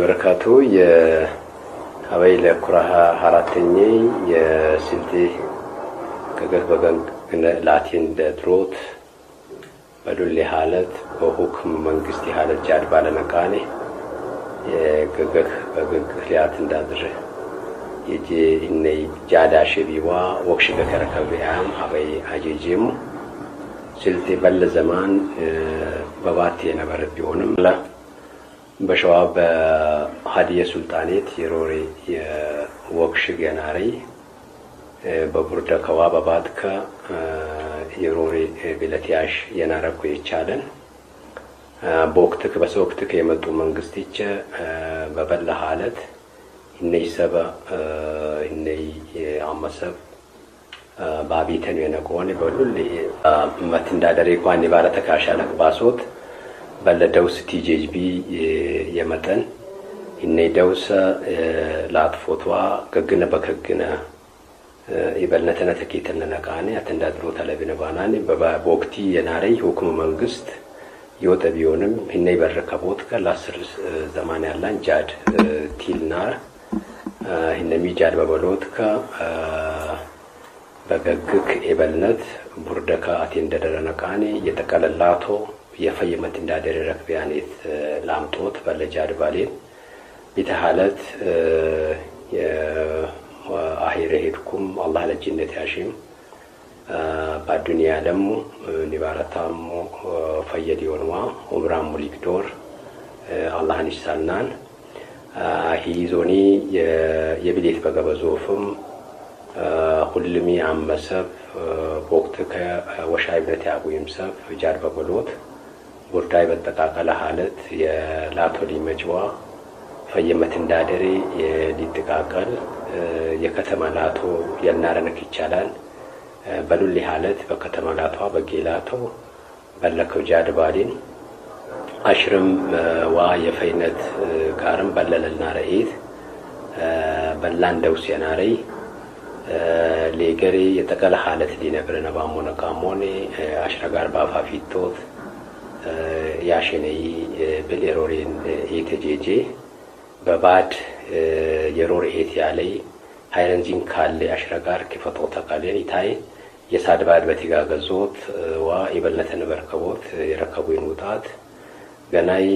በረካቱ የአበይለ ኩራሃ አራተኝ የስልጤ ከገት በገን ላቲን ደድሮት በዱሌ ሀለት በሁክም መንግስት ሀለት ጃድ ባለመቃኔ የገገህ በግግ ህሊያት እንዳድር የጄ እነይ ጃዳ ሸቢዋ ወክሽ ገከረከብያም አበይ አጄጄሙ ስልጤ በለ ዘማን በባቴ ነበር ቢሆንም ላ በሸዋ በሀዲየ ሱልጣኔት የሮሬ የወቅሽ ገናሪ በቡርደ ከዋ በባትከ የሮሬ ቢለትያሽ የናረኩ ይቻለን በወቅትክ በሰወቅትክ የመጡ መንግስት ይቸ በበላህ አለት እነይ ሰበ እነይ አመሰብ ባቢተን የነቆን በሉል መት እንዳደሬ ኳን ባለተካሻለክ ለክባሶት በለ ደውስ ቲጂኤችቢ የመጠን እነ ደውሰ ላጥፎቷ ገግነ በከግነ የበልነተነ ተኬተነ ነቃኔ አተንዳድሮ ተለብነ ባናኔ በወቅቲ የናሬ ሁክም መንግስት የወጠ ቢሆንም ህነ ይበረከ ቦት ከ ዘማን ያላን ጃድ ቲልናር ህነሚ ጃድ በበሎት ከ በገግክ የበልነት ቡርደካ አቴንደደረ ነቃኔ የተቀለላቶ የፈየመት እንዳደረረክ ቢያኔት ላምጦት በለጃ አድባሌን ቢተሃለት አሂረ ሄድኩም አላህ ለጅነት ያሽም በአዱኒያ ደሞ ኒባረታሞ ፈየድ የሆንዋ ኡምራሙ ሊግዶር አላህን ይሳናን ሂዞኒ የብሌት በገበዞፍም ሁልሚ አመሰብ በወቅት ከወሻይ ብነት ያጉይም ሰብ ጃድ በበሎት ጉዳይ በጠቃቀለ ሀለት የላቶሊ መጅዋ ፈየመት እንዳደሬ የሊጥቃቀል የከተማ ላቶ የናረነክ ይቻላል በሉሊ ሀለት በከተማ ላቷ በጌላቶ በለከው ጃድባዲን አሽርም ዋ የፈይነት ጋርም በለለልና ረኢት በላን ደውስ የናረይ ሌገሬ የጠቀለ ሀለት ሊነብረ ነባሞነ ቃሞኔ አሽረ ጋር ባፋፊቶት ያሸነይ ብል የሮሬን ኤተጄጄ በባድ የሮር ኤት ያለይ ሀይረንዚን ካለ አሽረጋር ክፈቶ ካለ ኢታይ የሳድባድ በቲጋገዞት ዋ የበልነተን በርከቦት የረከቡን ውጣት ገናይ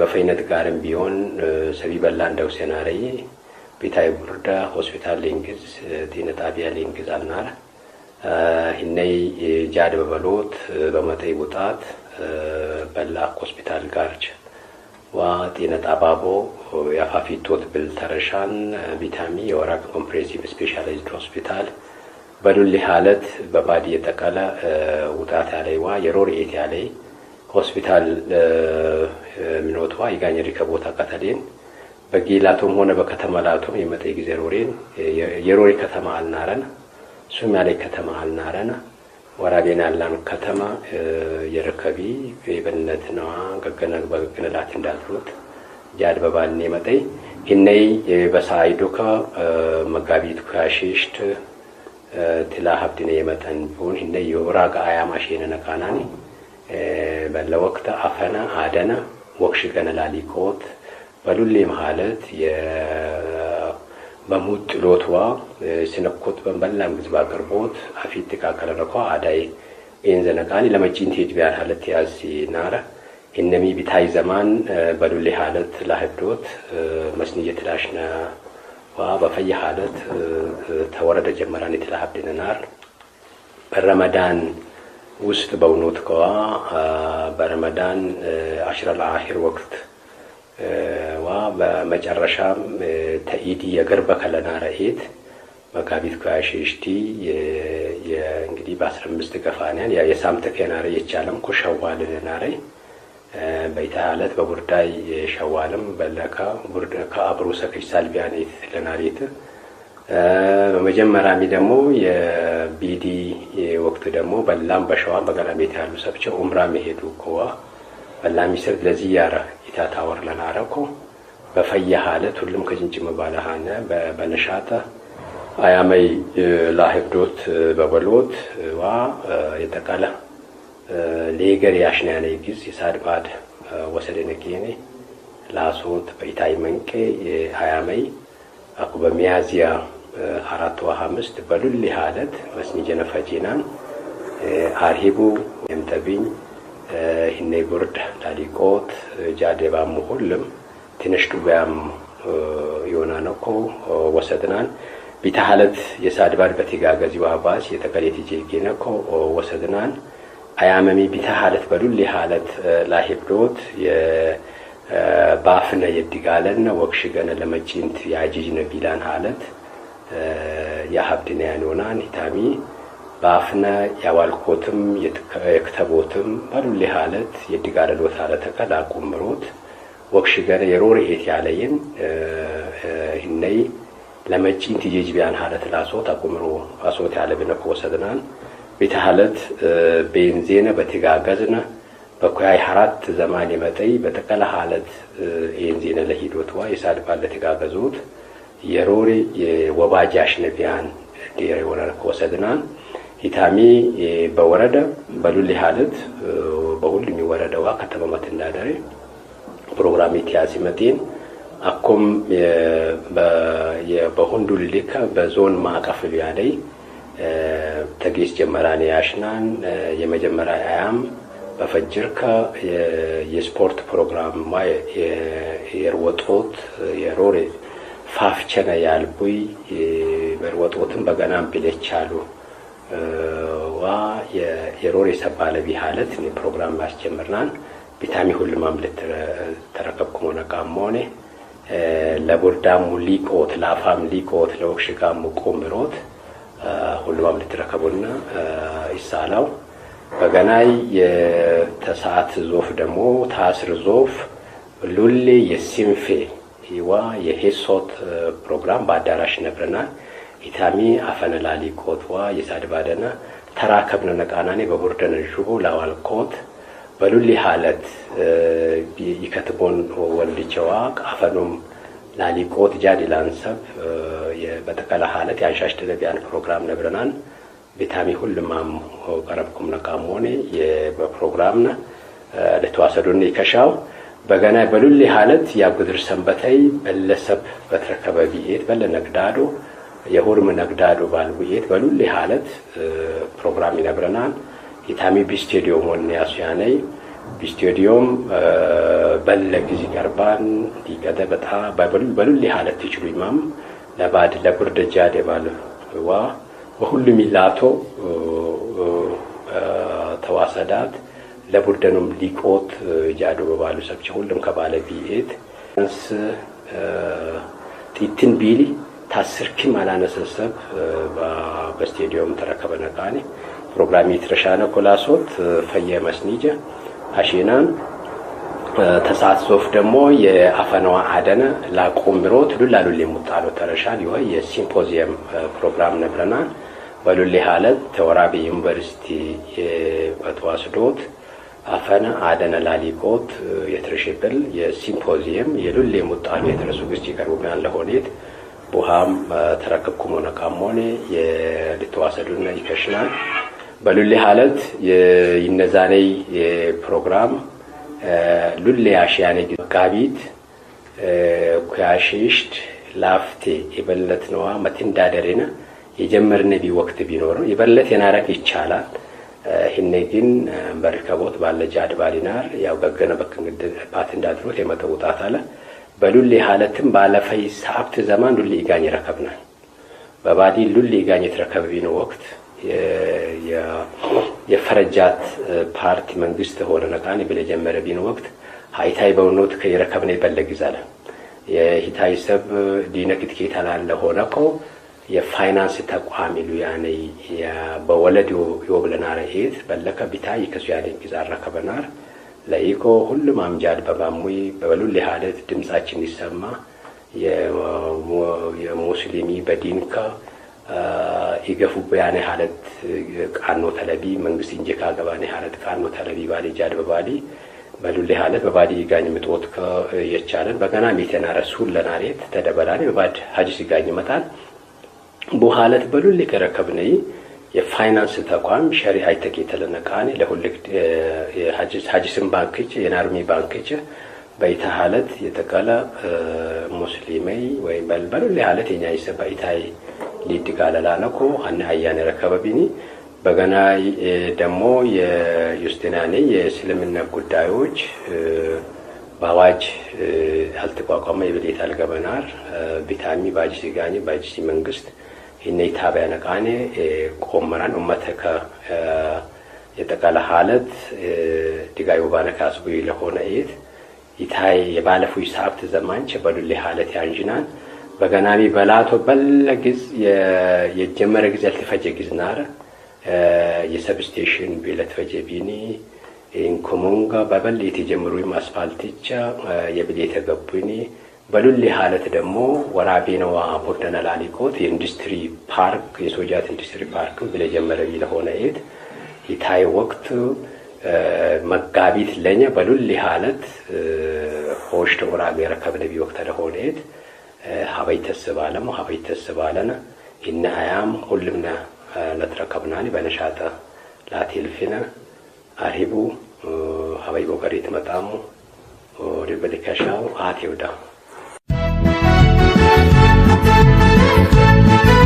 በፈይነት ጋርም ቢሆን ሰቢ በላ እንደው ሴናረይ ቤታይ ቡርዳ ሆስፒታል ሌንግዝ ጤና ጣቢያ ሌንግዝ አልናር ሂነይ ጃድ በበሎት በመጠይ ውጣት በላክ ሆስፒታል ጋርች ዋ ጤነ ጣባቦ የአፋፊቶት ብል ተረሻን ቪታሚ የወራቅ ኮምፕሬሲቭ ስፔሻላይዝድ ሆስፒታል በዱሊ ሀለት በባዲ የጠቀለ ውጣት ያለይዋ የሮር ኤት ያለይ ሆስፒታል ምኖትዋ የጋኘ ሪከቦታ ቀተሌን በጌላቶም ሆነ በከተማ ላቶም የመጠ ጊዜ ሮሬን የሮሬ ከተማ አልናረን ሱም ያለይ ከተማ አልናረና ወራቤን አላኑ ከተማ የረከቢ የበነት ነዋ ገገነ በገገነላት እንዳልሩት ጃድ በባኔ መጠይ ኢነይ በሳይዶከ መጋቢት ኩያሽሽት ትላ ሀብድነ የመጠን ቡን ኢነይ የኡራቅ አያማሽነ ነቃናኒ በለወቅተ አፈነ አደነ ወክሽ ገነላሊቆት በሉሌ መሀለት በሙጭ ሎትዋ ሲነኮት በንበላም ጊዜ ባቀርቦት አፊት ተካከለ ነኮ አዳይ ኤንዘነቃኒ ለመጪን ቴጅ ቢያር ሀለት ያዝ ናረ እነሚ ቢታይ ዘማን በዱሌ ሀለት ላህዶት መስንየት ላሽነ ዋ በፈይ ሀለት ተወረደ ጀመራን የተላሀብድን ናር በረመዳን ውስጥ በውኖት ከዋ በረመዳን አሽረል አሂር ወቅት ዋ በመጨረሻም ተኢቲ የገርበ ከለና ረኢት መጋቢት ከያሽሽቲ እንግዲህ በአስራ አምስት ገፋንያን የሳምተ ኬናሪ የቻለም ኩ ሸዋል ልናሪ በይታ አለት በቡርዳይ ሸዋልም በለካ ከአብሩ ሰክሽ ሳልቢያን ልናሪት በመጀመሪያሚ ደግሞ የቢዲ ወቅት ደግሞ በላም በሸዋ በገላም ቤት ያሉ ሰብቸው ኡምራ መሄዱ ከዋ በላም ይስር ለዚህ ያረ ታወር ለናረኮ በፈየ ሀለት ሁሉም ከጅንጭም ባለ በነሻተ አያመይ ላህብዶት በበሎት ዋ የተቀለ ሌገር ያሽናያነ ጊዝ የሳድባድ ወሰደነጌኔ ላሶት በኢታይ መንቄ አያመይ አኩ በሚያዝያ አራት ውሃ አምስት በሉል ሀለት መስኒ ጀነፈጂናን አርሂቡ የምተብኝ ሂኔ ጎርድ ዳዲቆት ጃዴባ ሙሁልም ትንሽ ዱጋያም የሆና ነኮ ወሰድናን ቢታ ሀለት የሳድባድ በቴጋገዚ ዋባስ የተቀሌት ጄጌ ነኮ ወሰድናን አያመሚ ቢታ ሀለት በዱል ሀለት ላሄብዶት ባፍነ የድጋለን ወክሽ ገነ ለመጪንት የአጂጅ ነቢላን ሀለት የሀብድነ ያኖናን ሂታሚ በአፍነ ያዋልኮትም የክተቦትም ባሉሌ ሀለት የድጋለሎት ሀለተ ቀላ ቁምሮት ወክሽገረ የሮርኤት ያለይን ህነይ ለመጪን ትጄጅ ቢያን ሀለት ላሶት አቁምሮ አሶት ያለ ብነኮ ከወሰድናን ቤተ ሀለት ቤንዜነ በትጋገዝነ በኩያይ ሀራት ዘማን የመጠይ በተቀላ ሀለት ኤንዜነ ለሂዶትዋ የሳድባ ለትጋገዙት የሮሪ የወባጃሽ ነቢያን ዴር የሆነ ከወሰድናን ሂታሚ በወረደ በሉል ሀለት በሁሉም ወረዳዋ ከተማመት እንዳደረ ፕሮግራም ኢትያሲ መጤን አኮም በሁንዱ ልሊካ በዞን ማዕቀፍ ቢያደይ ተጌስ ጀመራን ያሽናን የመጀመሪያ አያም በፈጅርካ የስፖርት ፕሮግራም የርወጦት የሮሬ ፋፍቸነ ያልቡይ በርወጦትን በገናም ቢለቻሉ ዋ የሮሬሰ ባለቢ ሀለት ፕሮግራም ማስጀምርናን ቢታሚ ማምለት ልትረከብኩሞ ነቃም ሆኔ ለቦርዳሙ ሊቆት ለአፋም ሊቆት ለወክሽጋሙ ቆምሮት ሁሉ ማምለት ተረከቡና ይሳላው በገናይ የተሰዓት ዞፍ ደግሞ ታስር ዞፍ ሉሌ የሲንፌ ሂዋ የሄሶት ፕሮግራም በአዳራሽ ነብረናል። ኢታሚ አፈነላሊ ኮትዋ የሳድባደና ተራ ከብነ ነቃናኔ በቡርደን ሹቡ ላዋል ኮት በሉሊ ሀለት ይከትቦን ወልድቸዋ ቃፈኖም ላሊቆት ጃዲ ላንሰብ በጠቀላ ሀለት የአንሻሽ ደደቢያን ፕሮግራም ነብረናን ቪታሚ ሁልማም ቀረብኩም ነቃም ሆኔ በፕሮግራም ነ ለተዋሰዱን ይከሻው በገና በሉሊ ሀለት ያጉድር ሰንበተይ በለሰብ በትረከበ ቢሄድ በለነግዳዶ ነግዳዶ የሁርም ነግዳዶ ባልጉ ይሄድ በሉል ሀለት ፕሮግራም ይነብረናል ኢታሚ ቢስቴዲዮም ወንያሱ ያነይ ቢስቴዲዮም በለ ጊዜ ቀርባን ዲቀደ በጣ ባይበሉ በሉል ሀለት ይችሉ ኢማም ለባድ ለጉርደጃ ደባል ዋ በሁሉ ሚላቶ ተዋሰዳት ለቡርደኑም ሊቆት ጃዶ በባሉ ሰብቸ ሁሉም ከባለ ቢኤት እንስ ጢትን ቢሊ ታስርኪ አላነሰሰብ በስቴዲየም ተረከበ ነቃኒ ፕሮግራም የተረሻነ ኮላሶት ፈየ መስኒጀ አሽናን ተሳትፎፍ ደግሞ የአፈናዋ አደነ ላቆምሮ ትሉላሉል የሙጣሎ ተረሻል ይወ የሲምፖዚየም ፕሮግራም ነብረናል በሉሌ ሀለት ተወራቢ ዩኒቨርሲቲ በተዋስዶት አፈነ አደነ ላሊቆት የትረሽብል የሲምፖዚየም የሉሌ ሙጣሎ የተረሱ ግስት ያለ ሆኔት ውሃም ተረከብኩ ሆነ ካሞኔ የልተዋሰዱና ይከሽናል በሉሌ ሀለት ይነዛኔ ፕሮግራም ሉሌ አሽያኔ ጋቢት ኩያሽሽድ ላፍቴ የበለት ነዋ መትንዳደሬና የጀመርን ቢ ወቅት ቢኖረው የበለት የናረክ ይቻላል ህኔ ግን በርከቦት ባለጃ አድባሊናር ያው ገገነ በክንግድ ባት እንዳድሮት የመተውጣት አለ በሉሌ ሀለትም ባለፈይ ሰአብት ዘማን ሉሌ ኢጋኝ ረከብና በባዲ ሉሌ ኢጋኝ የተረከብቢን ወቅት የፈረጃት ፓርቲ መንግስት ሆነ ነቃን በለጀመረ ቢን ወቅት ሀይታይ በውኖት ከይረከብነ ይበለግዛል የሂታይ ሰብ ዲነክት ኬታላለ ሆነቆ የፋይናንስ ተቋም ኢሉ ያነ በወለድ ዮብለናረ ኤት በለከ ቢታይ ከሱ ያለ ግዛ ረከበናር ለኢኮ ሁሉም አምጃድ በማሙይ በበሉል ሀደት ድምጻችን ይሰማ። የሙስሊሚ በዲንካ ይገፉ በያኔ ሀለት ቃኖ ተለቢ መንግስት እንጂ ካገባኔ ሀለት ቃኖ ተለቢ ባሊ ጃድ በባሊ በሉሌ ሀለት በባዲ ጋኝ ምጦት የቻለን በገና ሚተና ረሱል ለናሬት ተደበላኔ በባድ ሀጅ ሲጋኝ መጣል ቦ ሀለት በሉሌ ከረከብነይ የፋይናንስ ተቋም ሸሪ ሃይተክ የተለነ ካኔ ለሁልግ የሀጂስን ባንክች የናርሚ ባንክች በይታ ሀለት የተቀለ ሙስሊመይ ወይ በልበሉ ለሀለት የኛ ይሰ ሊድ ጋለላ ነኩ አነ አያኔ ረከበቢኒ በገና ደግሞ የዩስቲናኔ የእስልምና ጉዳዮች በአዋጅ ያልተቋቋመ የብሌት አልገበናር ቢታሚ ባጅ ጋኒ ባጅ መንግስት እነ taabi'aan ነቃኔ qoommanaan uummata ka የጠቅላላ ሀለት ድጋዩ ባነ ካስቡ ለሆነ ኢት ይታይ የባለፉ ሰዓብት ዘማን ቸበዱል ሀለት ያንጅናን በገናቢ በላቶ በለ ግዝ የጀመረ ጊዜ ያልተፈጀ ጊዝ ናረ የሰብስቴሽን ቤለትፈጀ ቢኒ ኢንኮሞንጋ በበል የተጀምሩ አስፋልትቻ የብል የተገቡኒ በሉሌ ሀለት ደግሞ ወራቤነዋ ነዋ የኢንዱስትሪ ፓርክ የሶጃት ኢንዱስትሪ ፓርክ ብለጀመረቢ ለሆነ ኤት የታይ ወቅት መጋቢት ለኛ በሉሌ ሀለት ሆሽተ ወራቤ ረከብደቢ ወቅት ለሆነ ኤት ሀበይ ተስባለም ሀበይ ተስባለነ ይናያም ሁልምና ለትረከብናኒ በነሻጠ ላቴልፊነ አሪቡ ሀበይ ጎገሬት መጣሙ ወደ በለከሻው አቴውዳ Música